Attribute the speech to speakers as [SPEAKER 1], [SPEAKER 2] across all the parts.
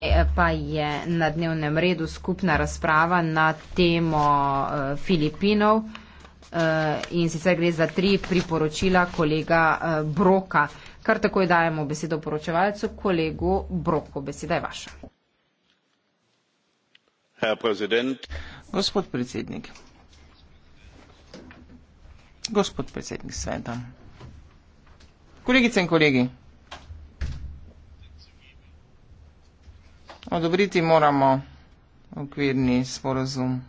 [SPEAKER 1] E, pa je na dnevnem redu skupna razprava na temo e, Filipinov e, in sicer gre za tri priporočila kolega Broka. Kar takoj dajemo besedo poročevalcu, kolegu Broku. Beseda je vaša.
[SPEAKER 2] Gospod predsednik. Gospod predsednik sveta. Kolegice in kolegi. Odobriti moramo okvirni sporozum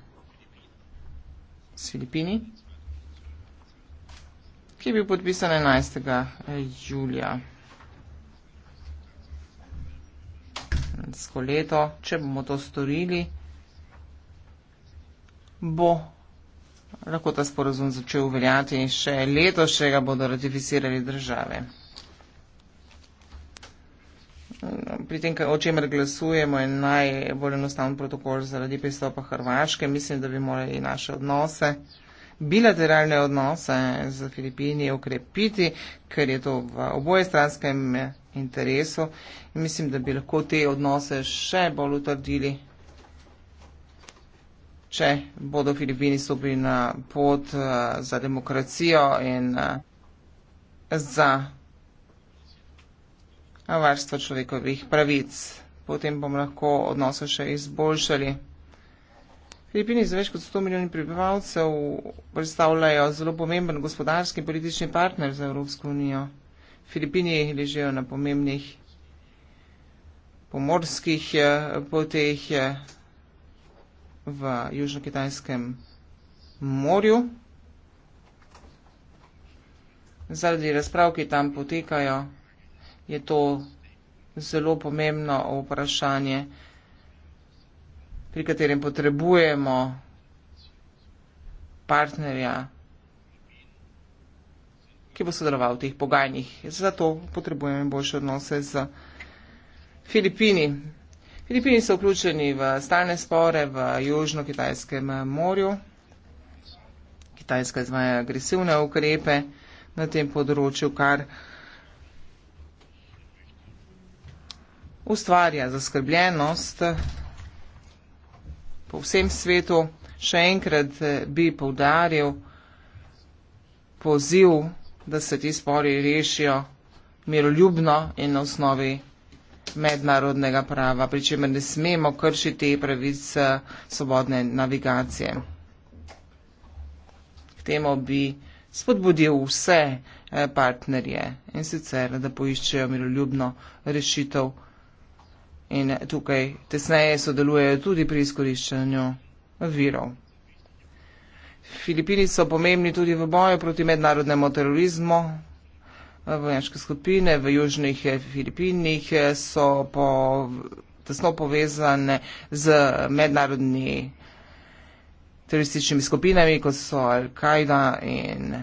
[SPEAKER 2] s Filipini, ki je bil podpisan 11. Eh, julija. Sko leto, če bomo to storili, bo lahko ta sporozum začel uveljati in še letošnjega bodo ratificirali države pri tem, o čemer glasujemo, je najbolj enostaven protokol zaradi pristopa Hrvaške. Mislim, da bi morali naše odnose, bilateralne odnose z Filipini okrepiti, ker je to v oboje stranskem interesu. Mislim, da bi lahko te odnose še bolj utrdili, če bodo Filipini stopili na pot eh, za demokracijo in eh, za varstva človekovih pravic. Potem bomo lahko odnose še izboljšali. Filipini za več kot 100 milijonov prebivalcev predstavljajo zelo pomemben gospodarski in politični partner za Evropsko unijo. Filipini ležejo na pomembnih pomorskih eh, poteh eh, v Južno-Kitajskem morju. Zaradi razprav, ki tam potekajo, je to zelo pomembno vprašanje, pri katerem potrebujemo partnerja, ki bo sodeloval v teh pogajanjih. Zato potrebujemo boljše odnose z Filipini. Filipini so vključeni v stalne spore v Južno-Kitajskem morju. Kitajska izvaja agresivne ukrepe na tem področju, kar ustvarja zaskrbljenost po vsem svetu. Še enkrat eh, bi povdaril poziv, da se ti spori rešijo miroljubno in na osnovi mednarodnega prava, pri čemer ne smemo kršiti pravic eh, svobodne navigacije. K temu bi spodbudil vse eh, partnerje in sicer, da poiščejo miroljubno rešitev in tukaj tesneje sodelujejo tudi pri izkoriščanju virov. Filipini so pomembni tudi v boju proti mednarodnemu terorizmu. Vojaške skupine v južnih eh, Filipinih eh, so po, tesno povezane z mednarodni terorističnimi skupinami, kot so Al-Kaida in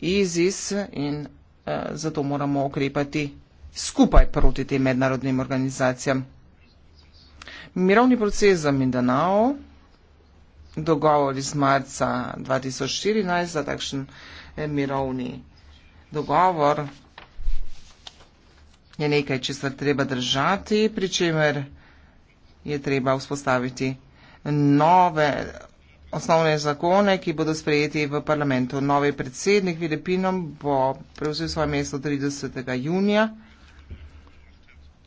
[SPEAKER 2] ISIS in eh, zato moramo ukrepati skupaj proti tem mednarodnim organizacijam. Mirovni proces za Mindanao, dogovor iz marca 2014 za takšen eh, mirovni dogovor, je nekaj, če se treba držati, pri čemer je treba vzpostaviti nove osnovne zakone, ki bodo sprejeti v parlamentu. Novi predsednik Filipinom bo prevzel svoje mesto 30. junija.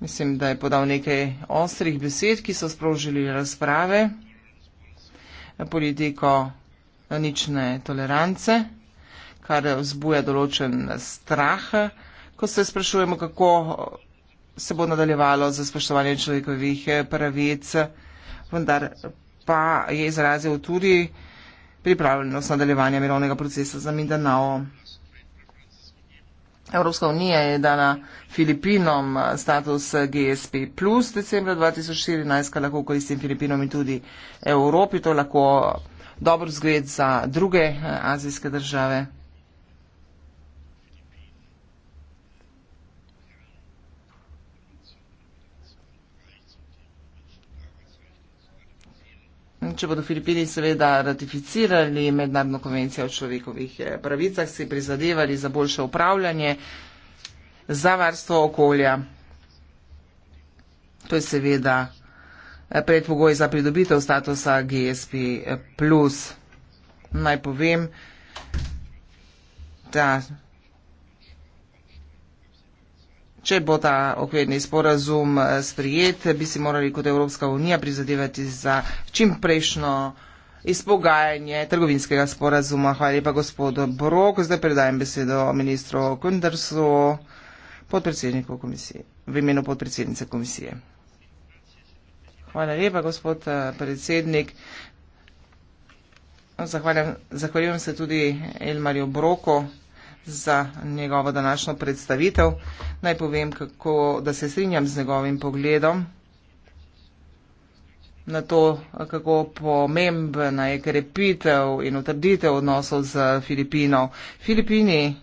[SPEAKER 2] Mislim, da je podal nekaj ostrih besed, ki so sprožili razprave, politiko nične tolerance, kar vzbuja določen strah, ko se sprašujemo, kako se bo nadaljevalo za spoštovanje človekovih pravic, vendar pa je izrazil tudi pripravljenost nadaljevanja mirovnega procesa za Mindanao. Evropska unija je dala Filipinom eh, status eh, GSP plus decembra 2014, kar lahko koristim Filipinom in tudi Evropi. To je lahko dober zgled za druge eh, azijske države. če bodo Filipini seveda ratificirali mednarodno konvencijo o človekovih eh, pravicah, si prizadevali za boljše upravljanje, za varstvo okolja. To je seveda eh, predpogoj za pridobitev statusa GSP. Eh, Naj povem, da Če bo ta okvirni sporazum eh, sprijet, bi si morali kot Evropska unija prizadevati za čimprejšno izpogajanje trgovinskega sporazuma. Hvala lepa gospod Brok. Zdaj predajem besedo ministru Kundersu, podpredsedniku komisije, v imenu podpredsednice komisije. Hvala lepa gospod eh, predsednik. Zahvaljujem se tudi Elmarju Broku za njegovo današnjo predstavitev. Naj povem, kako, da se strinjam z njegovim pogledom na to, kako pomembna je krepitev in utrditev odnosov z Filipino. Filipini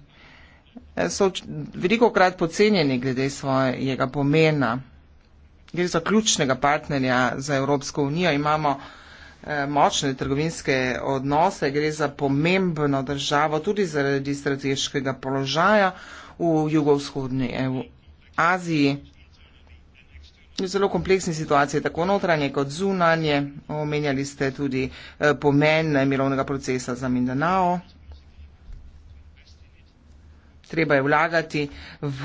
[SPEAKER 2] eh, so veliko krat pocenjeni glede svojega pomena. Gre za ključnega partnerja za Evropsko unijo. Imamo uh, Eh, močne trgovinske odnose, gre za pomembno državo tudi zaradi strateškega položaja v jugovzhodni EU. Aziji. Zelo kompleksne situacije, tako notranje kot zunanje. Omenjali ste tudi eh, pomen mirovnega procesa za Mindanao. Treba je vlagati v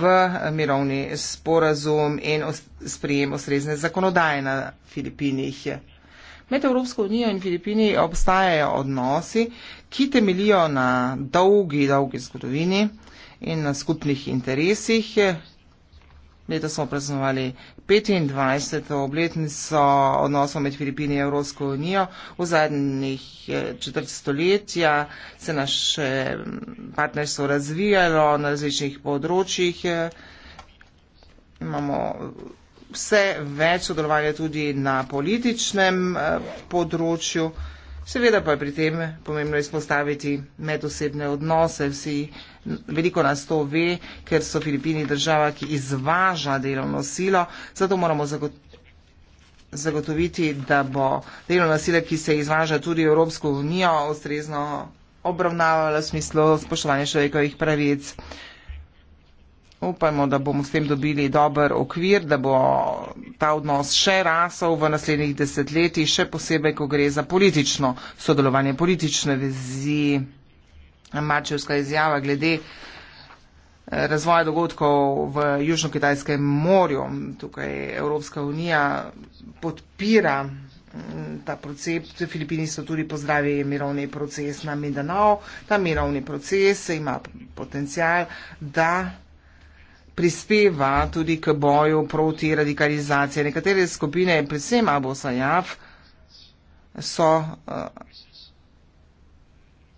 [SPEAKER 2] mirovni sporazum in sprijem ustrezne zakonodaje na Filipinih. Med Evropsko unijo in Filipini obstajajo odnosi, ki temelijo na dolgi, dolgi zgodovini in na skupnih interesih. Leta smo praznovali 25. obletnico odnosov med Filipini in Evropsko unijo. V zadnjih eh, četrt stoletja se naše eh, partnerstvo razvijalo na različnih področjih. Eh, imamo vse več sodelovanja tudi na političnem eh, področju. Seveda pa je pri tem pomembno izpostaviti medosebne odnose. Vsi veliko nas to ve, ker so Filipini država, ki izvaža delovno silo. Zato moramo zagotoviti, da bo delovna sila, ki se izvaža tudi v Evropsko unijo, ustrezno obravnavala v smislu spoštovanja človekovih pravic upajmo, da bomo s tem dobili dober okvir, da bo ta odnos še rasel v naslednjih desetletjih, še posebej, ko gre za politično sodelovanje, politične vezi. Mačevska izjava glede eh, razvoja dogodkov v Južno-Kitajskem morju. Tukaj Evropska unija podpira mm, ta proces. Filipini so tudi pozdravili mirovni proces na Mindanao. Ta mirovni proces ima potencial, da prispeva tudi k boju proti radikalizaciji. Nekatere skupine, predvsem Abu Sayyaf, so uh,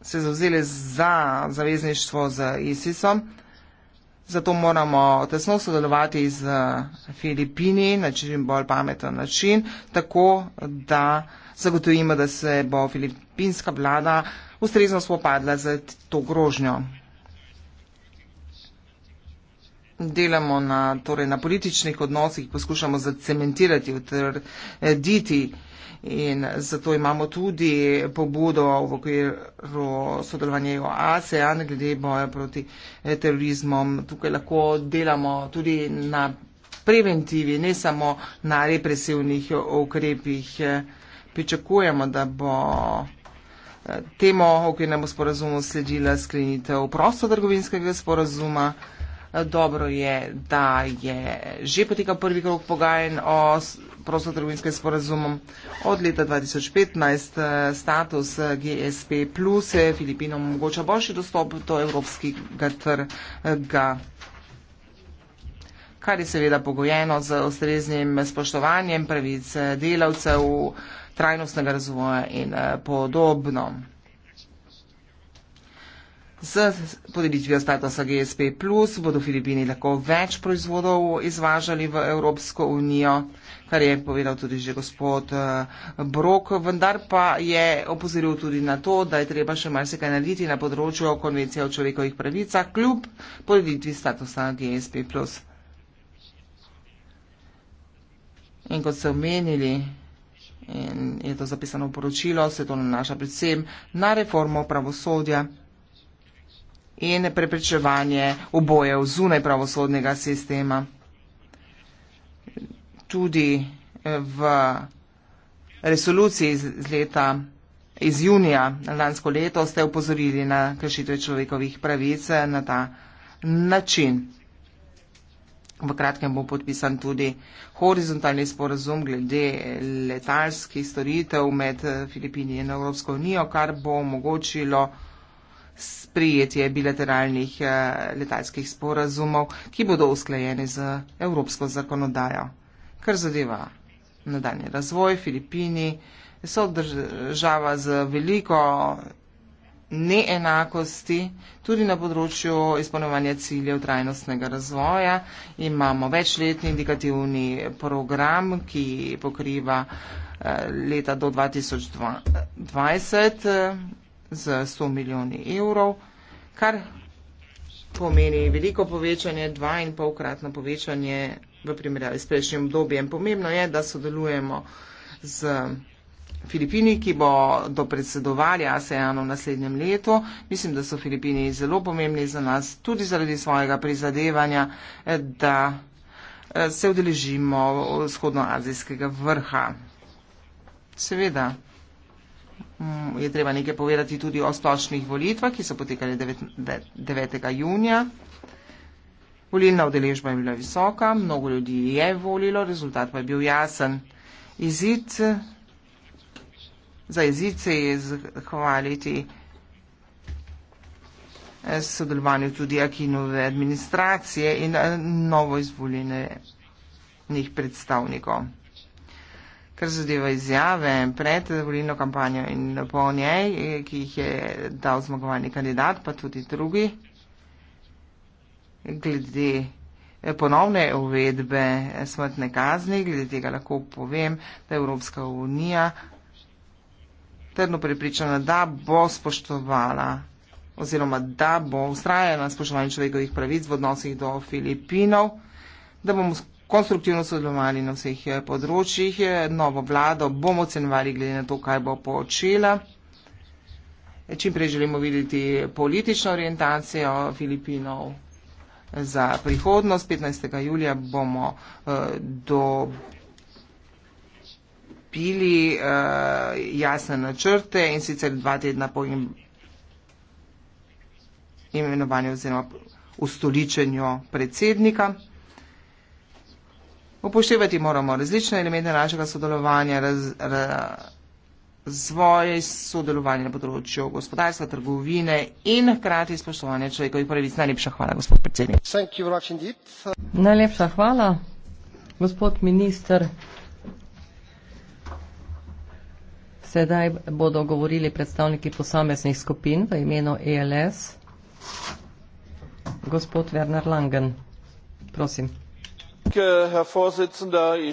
[SPEAKER 2] se zauzele za zavezništvo z ISISom. Zato moramo tesno sodelovati z eh, Filipini na čim bolj pameten način, tako da zagotovimo, da se bo filipinska vlada ustrezno spopadla z to grožnjo delamo na, torej, na političnih odnosih, poskušamo zacementirati, utrditi in zato imamo tudi pobudo v okviru sodelovanja ASEAN glede boja proti eh, terorizmom. Tukaj lahko delamo tudi na preventivi, ne samo na represivnih ukrepih. Pričakujemo, da bo eh, temo okvirnemu sporazumu sledila sklenitev prostotrgovinskega sporazuma. Dobro je, da je že potekal prvi krok pogajen o prostotrgovinskem sporazumom od leta 2015. Eh, status eh, GSP plus je eh, Filipinom mogoča boljši dostop do evropskega trga kar je seveda pogojeno z ustreznim spoštovanjem pravic delavcev, trajnostnega razvoja in podobno. Z podelitvijo statusa GSP, bodo Filipini lahko več proizvodov izvažali v Evropsko unijo, kar je povedal tudi že gospod eh, Brok. Vendar pa je opozoril tudi na to, da je treba še marsikaj narediti na področju konvencije o človekovih pravicah, kljub podelitvi statusa GSP. In kot ste omenili. In je to zapisano v poročilo, se to nanaša predvsem na reformo pravosodja in preprečevanje obojev zunaj pravosodnega sistema. Tudi eh, v resoluciji iz leta iz junija lansko leto ste upozorili na kršitve človekovih pravic eh, na ta način. V kratkem bo podpisan tudi horizontalni sporazum glede letalskih storitev med eh, Filipini in Evropsko unijo, kar bo omogočilo sprejetje bilateralnih eh, letalskih sporazumov, ki bodo usklajeni z evropsko zakonodajo. Kar zadeva nadaljni razvoj, Filipini so država z veliko neenakosti, tudi na področju izpolnjevanja ciljev trajnostnega razvoja. Imamo večletni indikativni program, ki pokriva eh, leta do 2020 z 100 milijoni evrov, kar pomeni veliko povečanje, dva in polkratno povečanje v primerjavi s prejšnjim obdobjem. Pomembno je, da sodelujemo z Filipini, ki bo do predsedovanja ASEANu v naslednjem letu. Mislim, da so Filipini zelo pomembni za nas, tudi zaradi svojega prizadevanja, da eh, se udeležimo vzhodnoazijskega vrha. Seveda. Mm, je treba nekaj povedati tudi o splošnih volitvah, ki so potekali 9. junija. Volilna udeležba je bila visoka, mnogo ljudi je volilo, rezultat pa je bil jasen. Izid, za izid se je zahvaliti eh, sodelovanju tudi Akinove administracije in eh, novo izvoljenih predstavnikov kar zadeva izjave pred volilno kampanjo in po njej, ki jih je dal zmagovalni kandidat, pa tudi drugi, glede eh, ponovne uvedbe smrtne kazni, glede tega lahko povem, da je Evropska unija trdno prepričana, da bo spoštovala oziroma da bo ustrajala na spoštovanju človekovih pravic v odnosih do Filipinov, da bomo konstruktivno sodelovali na vseh eh, področjih. Eh, novo vlado bomo ocenovali glede na to, kaj bo počela. Eh, čim prej želimo videti politično orientacijo Filipinov za prihodnost. 15. julija bomo dobili jasne načrte in sicer dva tedna po imenovanju oziroma ustoličenju predsednika. Upoštevati moramo različne elemente našega sodelovanja, raz, razvoj sodelovanja na področju gospodarstva, trgovine in hkrati spoštovanje človekovih pravic. Najlepša hvala, gospod predsednik.
[SPEAKER 3] Najlepša hvala, gospod minister. Sedaj bodo govorili predstavniki posameznih skupin v imenu ELS. Gospod Werner Langen,
[SPEAKER 4] prosim. Äh,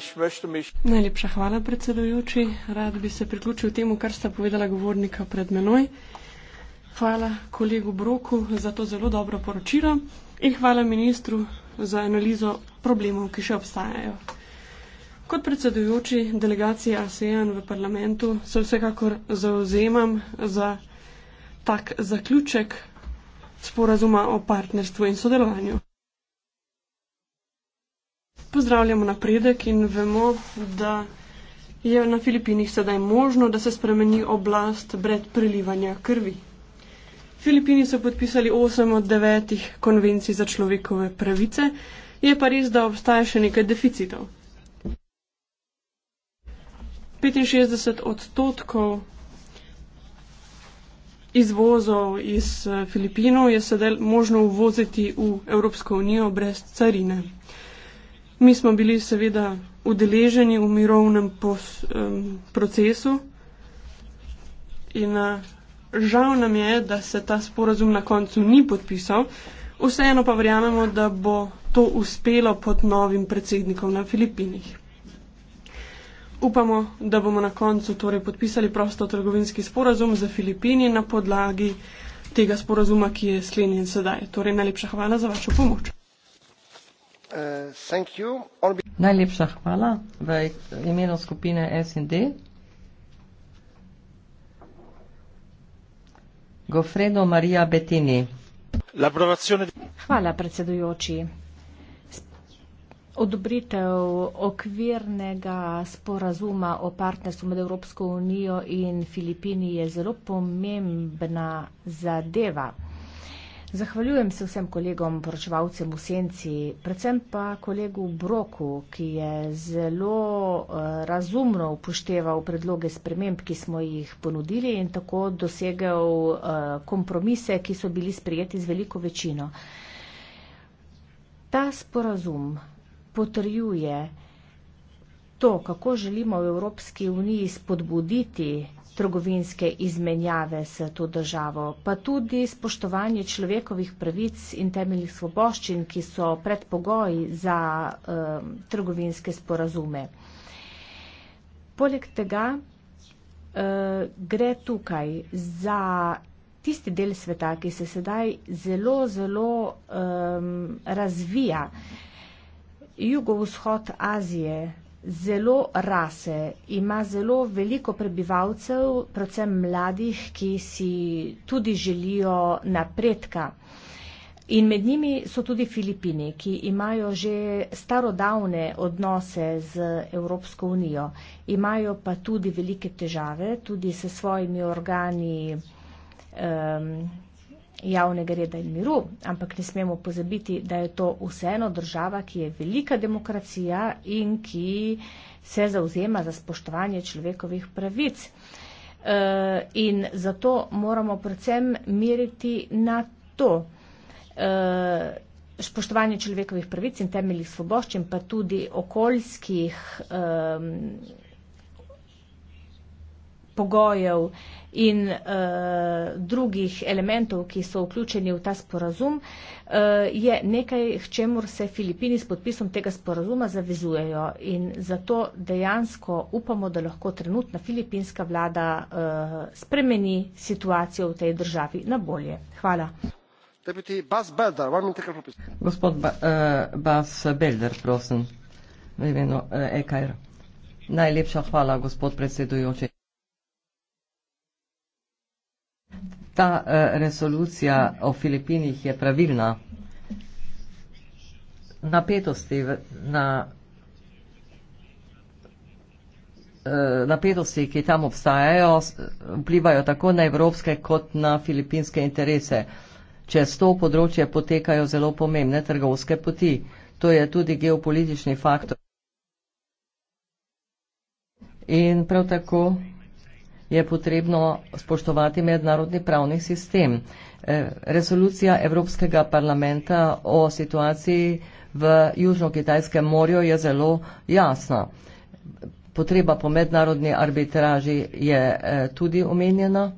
[SPEAKER 5] Najlepša hvala, predsedujoči. Rad bi se priključil temu, kar sta povedala govornika pred menoj. Hvala kolegu Broku za to zelo dobro poročilo in hvala ministru za analizo problemov, ki še obstajajo. Kot predsedujoči delegacije ASEAN v parlamentu se vsekakor zauzemam za tak zaključek sporazuma o partnerstvu in sodelovanju pozdravljamo napredek in vemo, da je na Filipinih sedaj možno, da se spremeni oblast brez prelivanja krvi. Filipini so podpisali 8 od 9 konvencij za človekove pravice, je pa res, da obstaja še nekaj deficitov. 65 odstotkov izvozov iz eh, Filipinov je sedaj možno uvoziti v Evropsko unijo brez carine. Mi smo bili seveda udeleženi v mirovnem pos, um, procesu in uh, žal nam je, da se ta sporazum na koncu ni podpisal. Vseeno pa verjamemo, da bo to uspelo pod novim predsednikom na Filipinih. Upamo, da bomo na koncu torej podpisali prosto trgovinski sporazum za Filipini na podlagi tega sporazuma, ki je sklenjen sedaj. Torej, najlepša hvala za vašo pomoč.
[SPEAKER 2] Uh,
[SPEAKER 3] Najlepša hvala v imenu skupine SND. Gofredo Marija Bettini. Hvala, predsedujoči.
[SPEAKER 1] Odobritev okvirnega sporazuma o partnerstvu med Evropsko unijo in Filipini je zelo pomembna zadeva. Zahvaljujem se vsem kolegom, poročevalcem v senci, predvsem pa kolegu Broku, ki je zelo eh, razumno upošteval predloge sprememb, ki smo jih ponudili in tako dosegel eh, kompromise, ki so bili sprijeti z veliko večino. Ta sporazum potrjuje to, kako želimo v Evropski uniji spodbuditi trgovinske izmenjave s to državo, pa tudi spoštovanje človekovih pravic in temeljih svoboščin, ki so predpogoji za um, trgovinske sporazume. Poleg tega uh, gre tukaj za tisti del sveta, ki se sedaj zelo, zelo um, razvija. Jugovzhod Azije, zelo rase, ima zelo veliko prebivalcev, predvsem mladih, ki si tudi želijo napredka. In med njimi so tudi Filipini, ki imajo že starodavne odnose z Evropsko unijo, imajo pa tudi velike težave, tudi s svojimi organi um, javnega reda in miru, ampak ne smemo pozabiti, da je to vseeno država, ki je velika demokracija in ki se zauzema za spoštovanje človekovih pravic. E, in zato moramo predvsem meriti na to e, spoštovanje človekovih pravic in temeljih svoboščin, pa tudi okoljskih pogojev in uh, drugih elementov, ki so vključeni v ta sporazum, uh, je nekaj, k čemur se Filipini s podpisom tega sporazuma zavezujejo. In zato dejansko upamo, da lahko trenutna filipinska vlada uh, spremeni situacijo v tej državi na bolje. Hvala.
[SPEAKER 3] Gospod Bas Belder, prosim, v imenu EKR. E Najlepša hvala, gospod predsedujoči. ta eh, resolucija o Filipinih je pravilna. Napetosti v, na eh, napetosti, ki tam obstajajo, vplivajo tako na evropske kot na filipinske interese. Čez to področje potekajo zelo pomembne trgovske poti. To je tudi geopolitični faktor. In prav tako je potrebno spoštovati mednarodni pravni sistem. Eh, resolucija Evropskega parlamenta o situaciji v Južno-Kitajskem morju je zelo jasna. Potreba po mednarodni arbitraži je eh, tudi omenjena.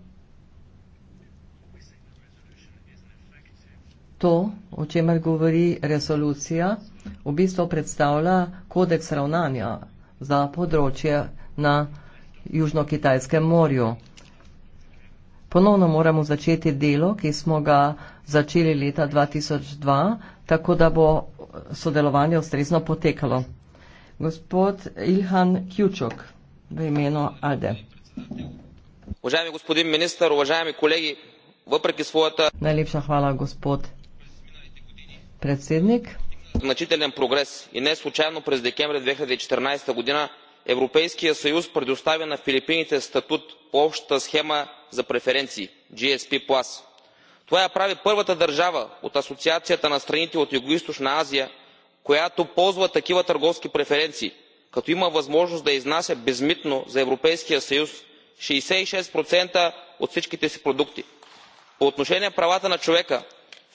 [SPEAKER 3] To, o čemer govori resolucija, v bistvu predstavlja kodeks ravnanja za področje na področju Južno-Kitajskem morju. Ponovno moramo začeti delo, ki smo ga začeli leta 2002, tako da bo sodelovanje ustrezno potekalo. Gospod Ilhan Kjučok v imenu Alde.
[SPEAKER 2] Uvaženi gospodin minister, uvaženi kolegi, vpreki svojata.
[SPEAKER 3] Najlepša hvala, gospod predsednik.
[SPEAKER 2] Značiteljen progres in ne slučajno prez dekembre 2014. godina европейския съюз предоставя на филипините статут по общата схема за преференции gsp. това я прави първата държава от асоциацията на страните от югоизточна азия която ползва такива търговски преференции като има възможност да изнася безмитно за европейския съюз шестдесет и шест процента от всичките си продукти. по отношение правата на човека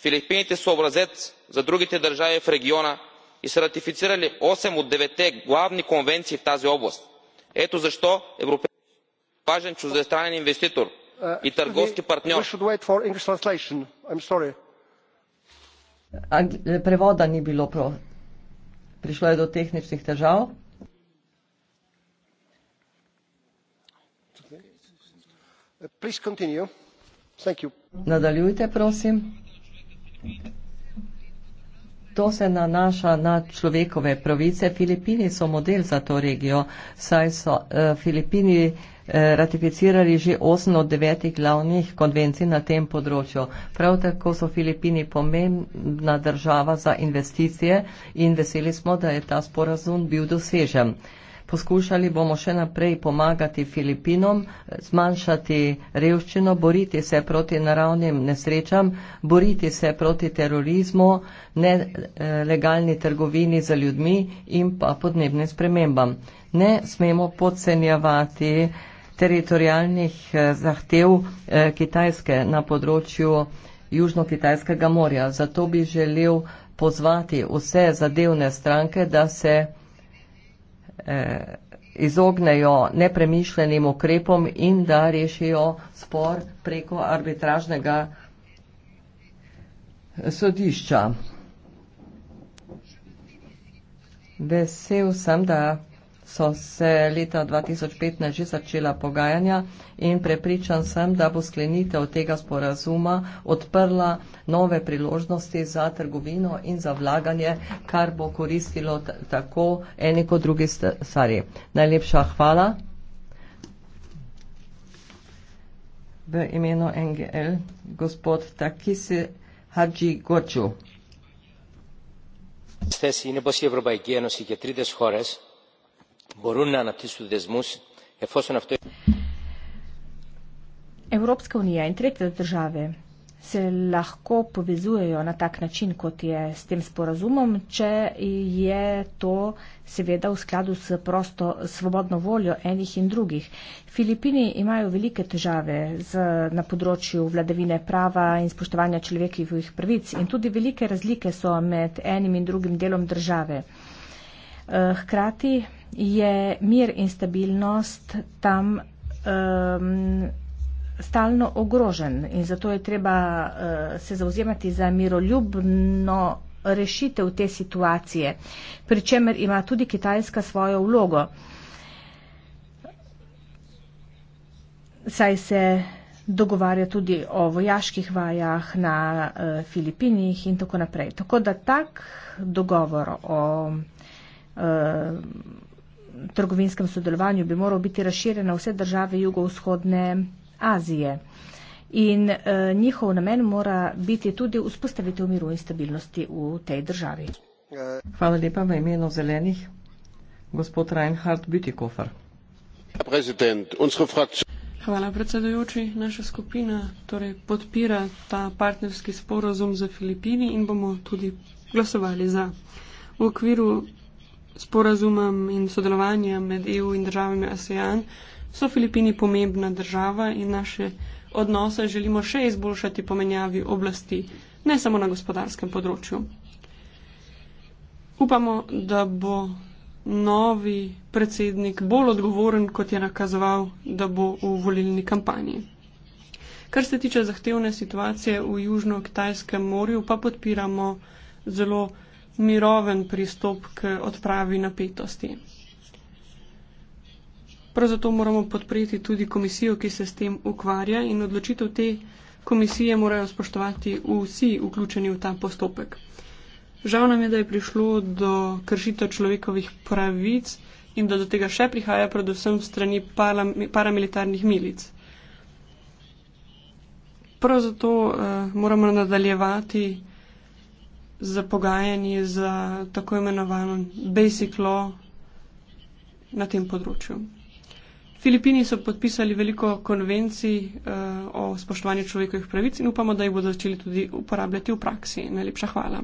[SPEAKER 2] филипините са образец за другите държави в региона и са ратифицирали осем от деветте главни конвенции в тази област.
[SPEAKER 5] ето защо европейският съюз е важен чуждестранен инвеститор и търговски партньор.
[SPEAKER 3] Превода ни било про... Prišlo je do tehničnih težav.
[SPEAKER 5] Uh,
[SPEAKER 3] Nadaljujte, prosim. To se nanaša na človekove pravice. Filipini so model za to regijo, saj so eh, Filipini eh, ratificirali že 8 od 9 glavnih konvencij na tem področju. Prav tako so Filipini pomembna država za investicije in veseli smo, da je ta sporazum bil dosežen. Poskušali bomo še naprej pomagati Filipinom, zmanjšati revščino, boriti se proti naravnim nesrečam, boriti se proti terorizmu, nelegalni eh, trgovini za ljudmi in pa podnebnim spremembam. Ne smemo podcenjevati teritorijalnih eh, zahtev eh, Kitajske na področju Južno-Kitajskega morja. Zato bi želel pozvati vse zadevne stranke, da se Eh, izognejo nepremišljenim ukrepom in da rešijo spor preko arbitražnega sodišča. Vesel sem, da so se leta 2015 že začela pogajanja in prepričan sem, da bo sklenitev tega sporazuma odprla nove priložnosti za trgovino in za vlaganje, kar bo koristilo tako eni kot drugi stvari. Najlepša hvala. V imenu NGL, gospod Takisi Hadži Goču.
[SPEAKER 1] Stesi, ne bo si Evropa igeno si je 30 horas. Evropska unija in tretje države se lahko povezujejo na tak način, kot je s tem sporazumom, če je to seveda v skladu s prosto svobodno voljo enih in drugih. Filipini imajo velike težave z, na področju vladavine prava in spoštovanja človekovih pravic in tudi velike razlike so med enim in drugim delom države. Eh, hkrati je mir in stabilnost tam um, stalno ogrožen in zato je treba uh, se zauzemati za miroljubno rešitev te situacije, pri čemer ima tudi Kitajska svojo vlogo. Saj se dogovarja tudi o vojaških vajah na uh, Filipinih in tako naprej. Tako da tak dogovor o uh, trgovinskem sodelovanju bi moral biti razširjen na vse države jugovzhodne Azije. In e, njihov namen mora biti tudi vzpostavitev miru in stabilnosti v tej državi.
[SPEAKER 3] Hvala lepa v imenu zelenih. Gospod Reinhard Bütikofer.
[SPEAKER 5] Hvala predsedujoči. Naša skupina torej podpira ta partnerski sporozum za Filipini in bomo tudi glasovali za. V okviru sporazumom in sodelovanjem med EU in državami ASEAN so Filipini pomembna država in naše odnose želimo še izboljšati po menjavi oblasti, ne samo na gospodarskem področju. Upamo, da bo novi predsednik bolj odgovoren, kot je nakazoval, da bo v volilni kampanji. Kar se tiče zahtevne situacije v Južno-Kitajskem morju, pa podpiramo zelo miroven pristop k odpravi napetosti. Prav zato moramo podpreti tudi komisijo, ki se s tem ukvarja in odločitev te komisije morajo spoštovati vsi vključeni v ta postopek. Žal nam je, da je prišlo do kršitev človekovih pravic in da do tega še prihaja predvsem strani paramilitarnih milic. Prav zato uh, moramo nadaljevati za pogajanje za tako imenovano basic law na tem področju. Filipini so podpisali veliko konvencij uh, o spoštovanju človekovih pravic in upamo, da jih bodo začeli tudi uporabljati v praksi. Najlepša hvala.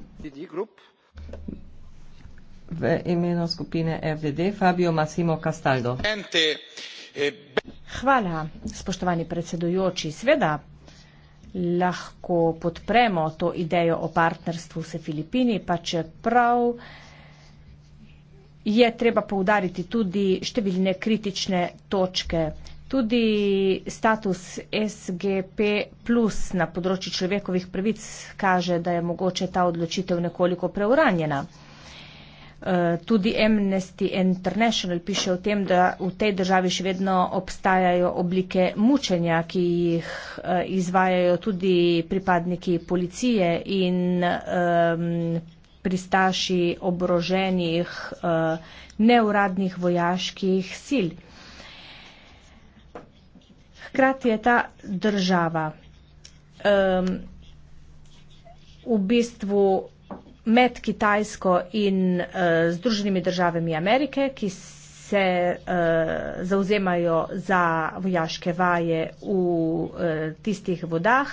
[SPEAKER 5] V imenu skupine FDD Fabio Massimo Castaldo.
[SPEAKER 4] Eh,
[SPEAKER 3] hvala, spoštovani predsedujoči. Sveda
[SPEAKER 1] lahko podpremo to idejo o partnerstvu s Filipini, pa čeprav je treba poudariti tudi številne kritične točke. Tudi status SGP plus na področju človekovih pravic kaže, da je mogoče ta odločitev nekoliko preuranjena. Eh, tudi Amnesty International piše o tem, da v tej državi še vedno obstajajo oblike mučenja, ki jih eh, izvajajo tudi pripadniki policije in um, pristaši obroženih uh, eh, neuradnih vojaških sil. Hkrati je ta država um, v bistvu med Kitajsko in uh, Združenimi državami Amerike, ki se uh, eh, zauzemajo za vojaške vaje v uh, tistih vodah.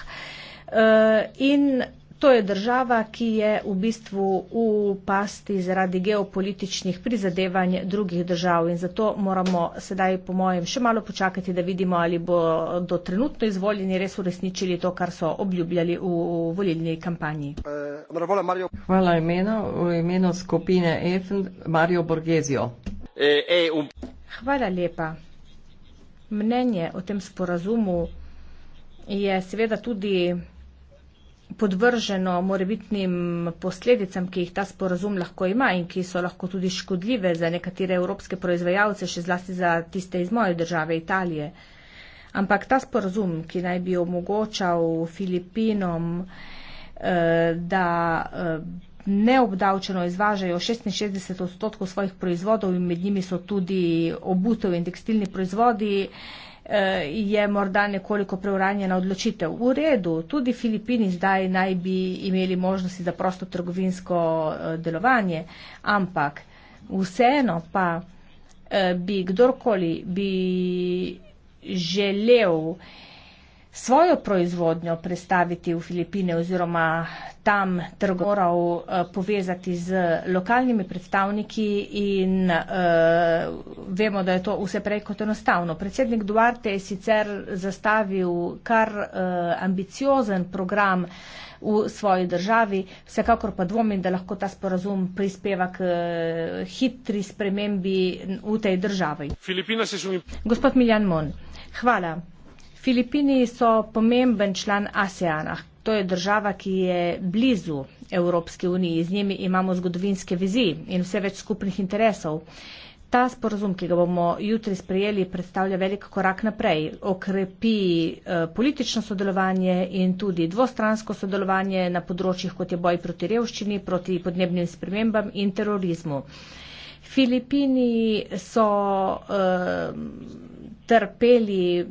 [SPEAKER 1] Uh, in To je država, ki je v bistvu v pasti zaradi geopolitičnih prizadevanj drugih držav in zato moramo sedaj, po mojem, še malo počakati, da vidimo, ali bo do trenutno izvoljeni res uresničili to, kar
[SPEAKER 3] so obljubljali v volilni kampanji. Hvala imena, v imenu skupine EFN, Mario Borgesio.
[SPEAKER 4] E, e,
[SPEAKER 3] Hvala lepa.
[SPEAKER 1] Mnenje o tem sporazumu je seveda tudi podvrženo morebitnim posledicam, ki jih ta sporazum lahko ima in ki so lahko tudi škodljive za nekatere evropske proizvajalce, še zlasti za tiste iz moje države Italije. Ampak ta sporazum, ki naj bi omogočal Filipinom, eh, da eh, neobdavčeno izvažajo 66 odstotkov svojih proizvodov in med njimi so tudi obutev in tekstilni proizvodi, Eh, je morda nekoliko preuranjena odločitev. V redu, tudi Filipini zdaj naj bi imeli možnosti za prosto trgovinsko eh, delovanje, ampak vseeno pa eh, bi kdorkoli bi želel, svojo proizvodnjo prestaviti v Filipine oziroma tam trgoral eh, povezati z lokalnimi predstavniki in uh, vemo, da je to vse prej kot enostavno. Predsednik Duarte je sicer zastavil kar uh, ambiciozen program v svoji državi, vsekakor pa dvomim, da lahko ta sporazum prispeva k uh, hitri spremembi v tej državi.
[SPEAKER 5] Filipina se sumi.
[SPEAKER 1] Gospod Miljan Mon, hvala. Filipini so pomemben član ASEAN-a. To je država, ki je blizu Evropske unije. Z njimi imamo zgodovinske vizi in vse več skupnih interesov. Ta sporozum, ki ga bomo jutri sprejeli, predstavlja velik korak naprej. Okrepi eh, politično sodelovanje in tudi dvostransko sodelovanje na področjih, kot je boj proti revščini, proti podnebnim spremembam in terorizmu. Filipini so uh, trpeli uh,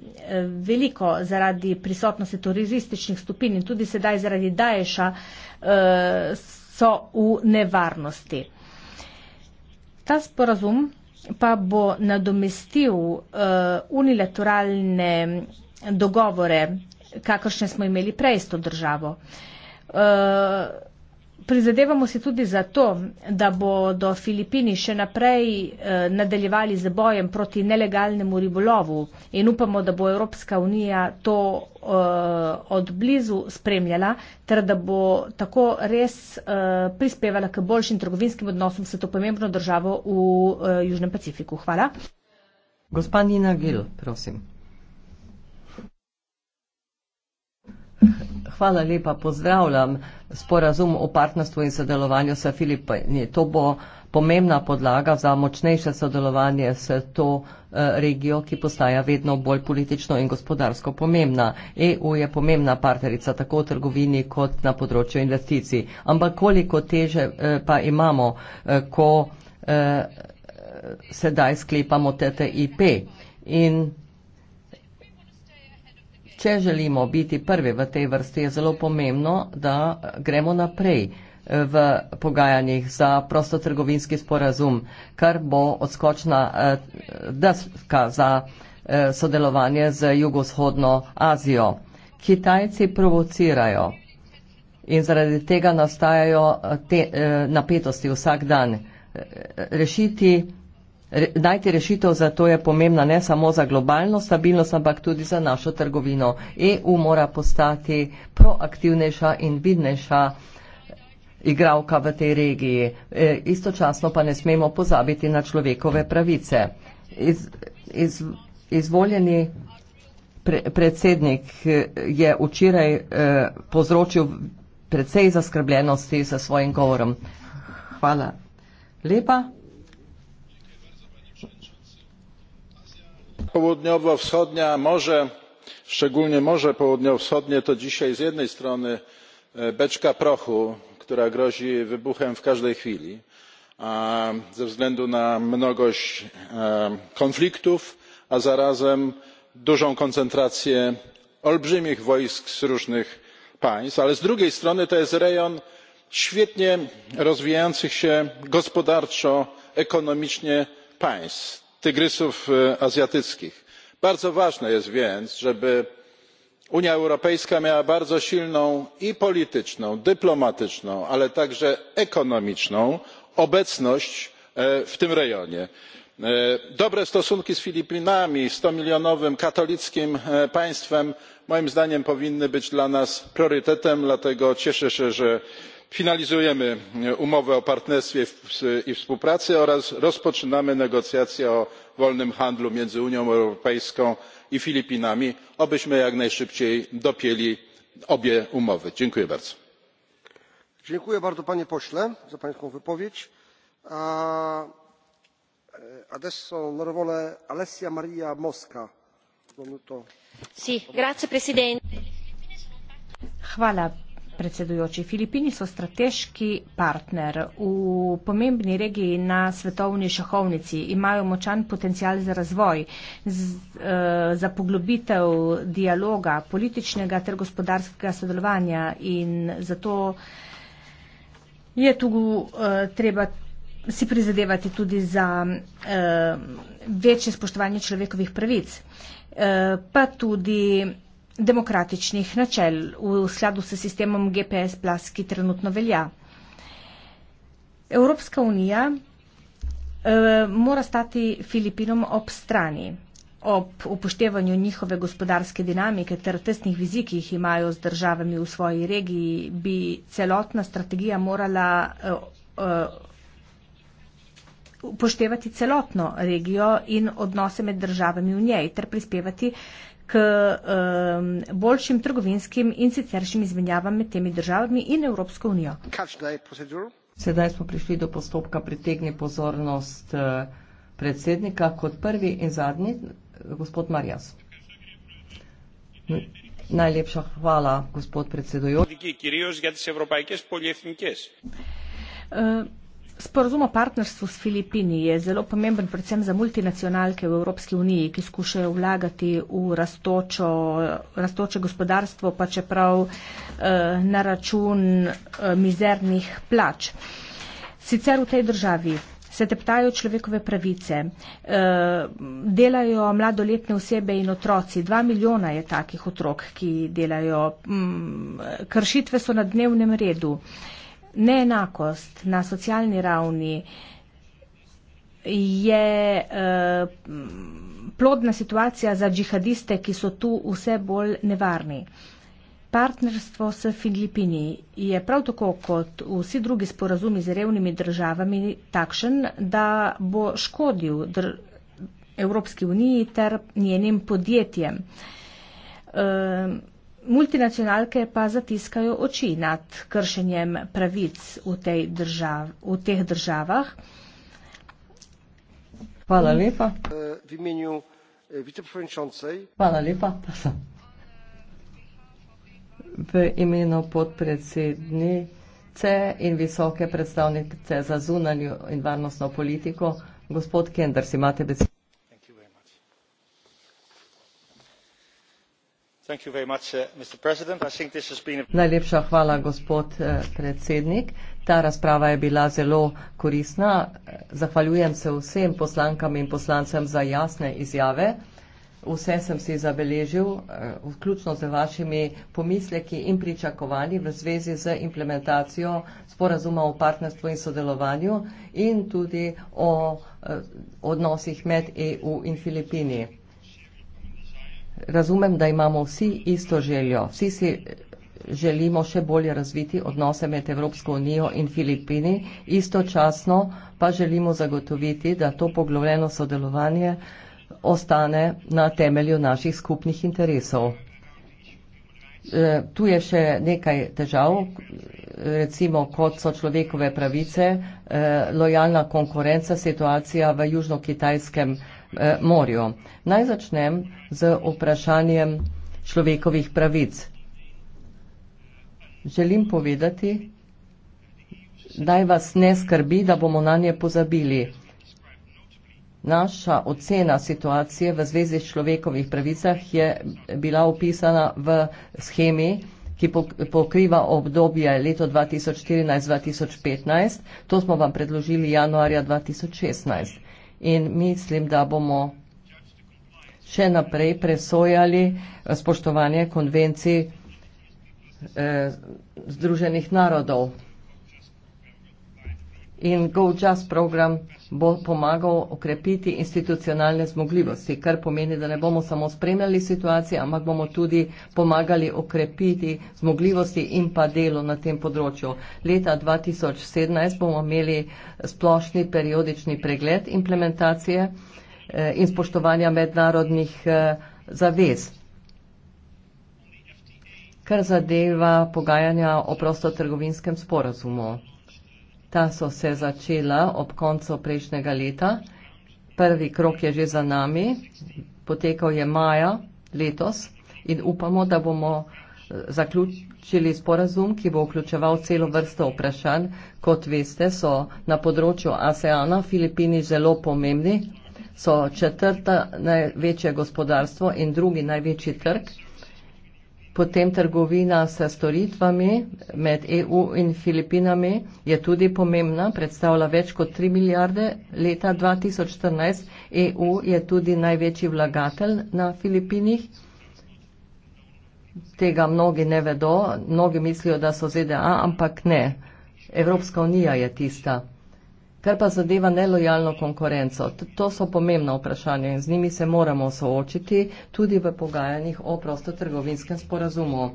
[SPEAKER 1] veliko zaradi prisotnosti turističnih stopin in tudi sedaj zaradi Daješa uh, eh, so v nevarnosti. Ta sporazum pa bo nadomestil uh, unilateralne dogovore, kakršne smo imeli prej s to državo. Uh, Prizadevamo si tudi za to, da bodo Filipini še naprej eh, nadaljevali z bojem proti nelegalnemu ribolovu in upamo, da bo Evropska unija to eh, odblizu spremljala, ter da bo tako res eh, prispevala k boljšim trgovinskim odnosom s to pomembno državo v Južnem Pacifiku. Hvala.
[SPEAKER 3] Gospa Nina Gil, prosim. Hvala lepa, pozdravljam sporazum o partnerstvu in sodelovanju s Filipinijo. To bo pomembna podlaga za močnejše sodelovanje s to eh, regijo, ki postaja vedno bolj politično in gospodarsko pomembna. EU je pomembna partnerica tako v trgovini kot na področju investicij. Ampak koliko teže eh, pa imamo, eh, ko sedaj sklepamo TTIP in če želimo biti prvi v tej vrsti, je zelo pomembno, da gremo naprej eh, v pogajanjih za prostotrgovinski sporazum, kar bo odskočna eh, deska za eh, sodelovanje z jugovzhodno Azijo. Kitajci provocirajo in zaradi tega nastajajo te napetosti vsak dan. Rešiti re, najti rešitev za to je pomembna ne samo za globalno stabilnost, ampak tudi za našo trgovino. EU mora postati proaktivnejša in vidnejša eh, igravka v tej regiji. E, istočasno pa ne smemo pozabiti na človekove pravice. Iz, iz, izvoljeni pre, predsednik eh, je včeraj e, povzročil precej zaskrbljenosti za svojim govorom. Hvala.
[SPEAKER 4] Lepa. południowo wschodnie morze szczególnie morze południowo wschodnie to dzisiaj z jednej strony e, beczka prochu która grozi wybuchem w każdej chwili ze względu na mnogość e, konfliktów a zarazem dużą koncentrację olbrzymich wojsk z różnych państw ale z drugiej strony to jest rejon świetnie rozwijających się gospodarczo ekonomicznie państw tygrysów e, azjatyckich. bardzo ważne jest więc żeby unia europejska miała bardzo silną i polityczną dyplomatyczną ale także ekonomiczną obecność e, w tym rejonie. E, dobre stosunki z filipinami sto milionowym katolickim państwem moim zdaniem powinny być dla nas priorytetem dlatego cieszę się że finalizujemy e, umowę o partnerstwie i współpracy oraz rozpoczynamy negocjacje o wolnym handlu między unią europejską i filipinami obyśmy jak najszybciej dopięli obie umowy. dziękuję bardzo.
[SPEAKER 2] dziękuję bardzo panie pośle za pańską wypowiedź. E,
[SPEAKER 1] signor presidente onorevoli colleghi predsedujoči. Filipini so strateški partner v pomembni regiji na svetovni šahovnici. Imajo močan potencial za razvoj, eh, za poglobitev dialoga, političnega ter gospodarskega sodelovanja in zato je tu eh, treba si prizadevati tudi za eh, večje spoštovanje človekovih pravic, pa tudi demokratičnih načel v skladu s sistemom GPS Plus, ki trenutno velja. Evropska unija eh, mora stati Filipinom ob strani. Ob upoštevanju njihove gospodarske dinamike ter tesnih vizij, ki jih imajo z državami v svoji regiji, bi celotna strategija morala eh, eh, upoštevati celotno regijo in odnose med državami v njej ter prispevati k um, boljšim trgovinskim in siceršim
[SPEAKER 3] izmenjavam med temi državami
[SPEAKER 1] in Evropsko unijo.
[SPEAKER 3] Sedaj smo prišli do postopka pritegni pozornost eh, predsednika kot prvi in zadnji, gospod Marjas. Najlepša hvala, gospod
[SPEAKER 5] predsedujoči. Ja,
[SPEAKER 1] Sporozum o partnerstvu s Filipini je zelo pomemben predvsem za multinacionalke v Evropski uniji, ki skušajo vlagati v rastočo, rastoče gospodarstvo, pa čeprav eh, na račun eh, mizernih plač. Sicer v tej državi se teptajo človekove pravice, eh, delajo mladoletne osebe in otroci. Dva milijona je takih otrok, ki delajo. Mm, kršitve so na dnevnem redu. Eh, neenakost na socialni ravni je eh, plodna situacija za džihadiste, ki so tu vse bolj nevarni. Partnerstvo s Filipini je prav tako kot vsi drugi sporazumi z revnimi državami takšen, da bo škodil dr Evropski uniji ter njenim podjetjem. Eh, Multinacionalke pa zatiskajo oči nad kršenjem pravic v, držav, v teh
[SPEAKER 3] državah. Hvala lepa.
[SPEAKER 2] E, v imenu viceprofesorčej. E,
[SPEAKER 3] Hvala lepa. V imenu podpredsednice in visoke predstavnice za zunanjo in varnostno politiko, gospod Kenders, imate besedo. Uh, Najlepša hvala, gospod, uh, predsednik. Ta razprava je bila zelo koristna. Zahvaljujem se vsem poslankam in poslancem za jasne izjave. Vse sem si zabeležil, uh, vključno z vašimi pomisleki in pričakovanji v zvezi z implementacijo sporazuma o partnerstvu in sodelovanju in tudi o odnosih med EU in Filipinijami razumem, da imamo vsi isto željo. Vsi si želimo še bolje razviti odnose med Evropsko unijo in Filipini, istočasno pa želimo zagotoviti, da to poglobljeno sodelovanje ostane na temelju naših skupnih interesov. E, tu je še nekaj težav, recimo kot so človekove pravice, e, lojalna konkurenca, situacija v južno-kitajskem e, eh, morju. Naj začnem z vprašanjem človekovih pravic. Želim povedati, naj vas ne skrbi, da bomo na nje pozabili. Naša ocena situacije v zvezi s človekovih pravicah je bila opisana v schemi, ki pokriva obdobje leto 2014-2015. To smo vam predložili januarja 2016 in mislim, da bomo še naprej presojali eh, spoštovanje konvencij eh, Združenih narodov in GoJust program bo pomagal okrepiti institucionalne zmogljivosti, kar pomeni, da ne bomo samo spremljali situacije, ampak bomo tudi pomagali okrepiti zmogljivosti in pa delo na tem področju. Leta 2017 bomo imeli splošni periodični pregled implementacije eh, in spoštovanja mednarodnih eh, zavez. Kar zadeva pogajanja o prostotrgovinskem sporazumu. Ta so se začela ob koncu prejšnjega leta. Prvi krok je že za nami, potekal je maja letos in upamo, da bomo eh, zaključili sporazum, ki bo vključeval celo vrsto vprašanj. Kot veste, so na področju ASEAN-a Filipini zelo pomembni, so četrta največje gospodarstvo in drugi največji trg. Potem trgovina s storitvami med EU in Filipinami je tudi pomembna, predstavlja več kot 3 milijarde. Leta 2014 EU je tudi največji vlagatelj na Filipinih. Tega mnogi ne vedo, mnogi mislijo, da so ZDA, ampak ne. Evropska unija je tista. Kar pa zadeva nelojalno konkurenco, to so pomembna vprašanja in z njimi se moramo soočiti tudi v pogajanjih o prostotrgovinskem sporazumu.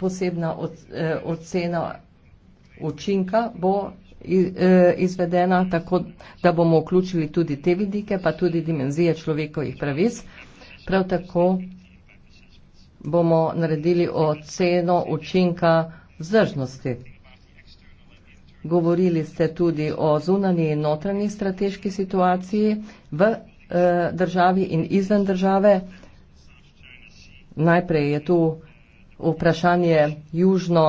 [SPEAKER 3] Posebna e, ocena učinka bo e, izvedena tako, da bomo vključili tudi te vidike, pa tudi dimenzije človekovih pravic. Prav tako bomo naredili oceno učinka vzdržnosti. Govorili ste tudi o zunanji in notranji strateški situaciji v eh, državi in izven države. Najprej je tu vprašanje južno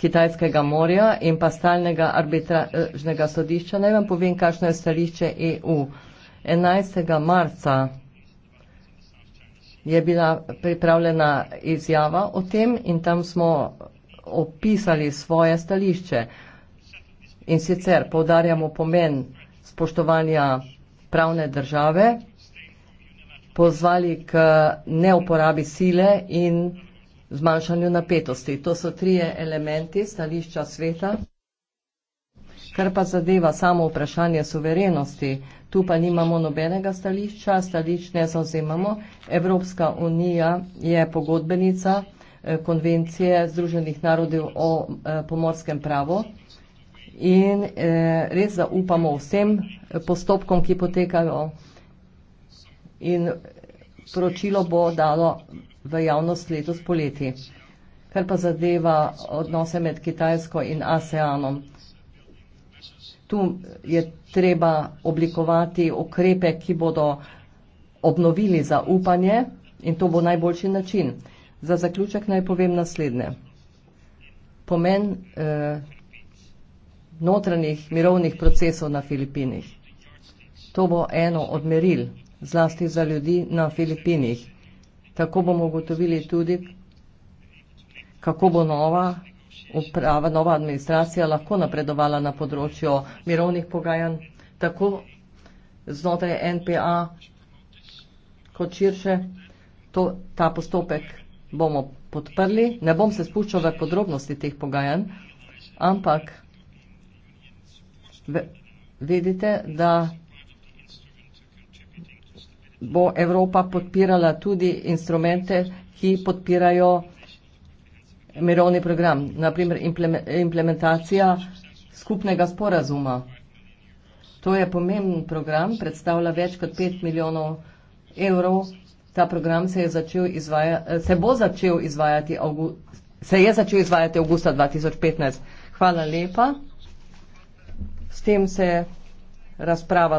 [SPEAKER 3] Kitajskega morja in pa stalnega arbitražnega sodišča. Naj vam povem, kakšno je stališče EU. 11. marca je bila pripravljena izjava o tem in tam smo opisali svoje stališče in sicer povdarjamo pomen spoštovanja pravne države, pozvali k neuporabi sile in zmanjšanju napetosti. To so trije elementi stališča sveta. Kar pa zadeva samo vprašanje suverenosti, tu pa nimamo nobenega stališča, stališč ne zauzemamo. Evropska unija je pogodbenica eh, konvencije Združenih narodov o eh, pomorskem pravu in eh, res zaupamo vsem postopkom, ki potekajo. In poročilo bo dalo v javnost letos poleti. Kar pa zadeva odnose med Kitajsko in ASEANom. Tu je treba oblikovati ukrepe, ki bodo obnovili zaupanje in to bo najboljši način. Za zaključek naj povem naslednje. Pomen eh, notranjih mirovnih procesov na Filipinih. To bo eno od meril, zlasti za ljudi na Filipinih. Tako bomo ugotovili tudi, kako bo nova uprava, nova administracija lahko napredovala na področju mirovnih pogajanj, tako znotraj NPA kot širše. To, ta postopek bomo podprli. Ne bom se spuščal v podrobnosti teh pogajanj, ampak vidite, da bo Evropa podpirala tudi instrumente, ki podpirajo mirovni program, naprimer implementacija skupnega sporazuma. To je pomemben program, predstavlja več kot 5 milijonov evrov. Ta program se je začel izvajati, se bo začel izvajati, se je začel izvajati avgusta 2015. Hvala lepa. S tem se razprava zaključuje.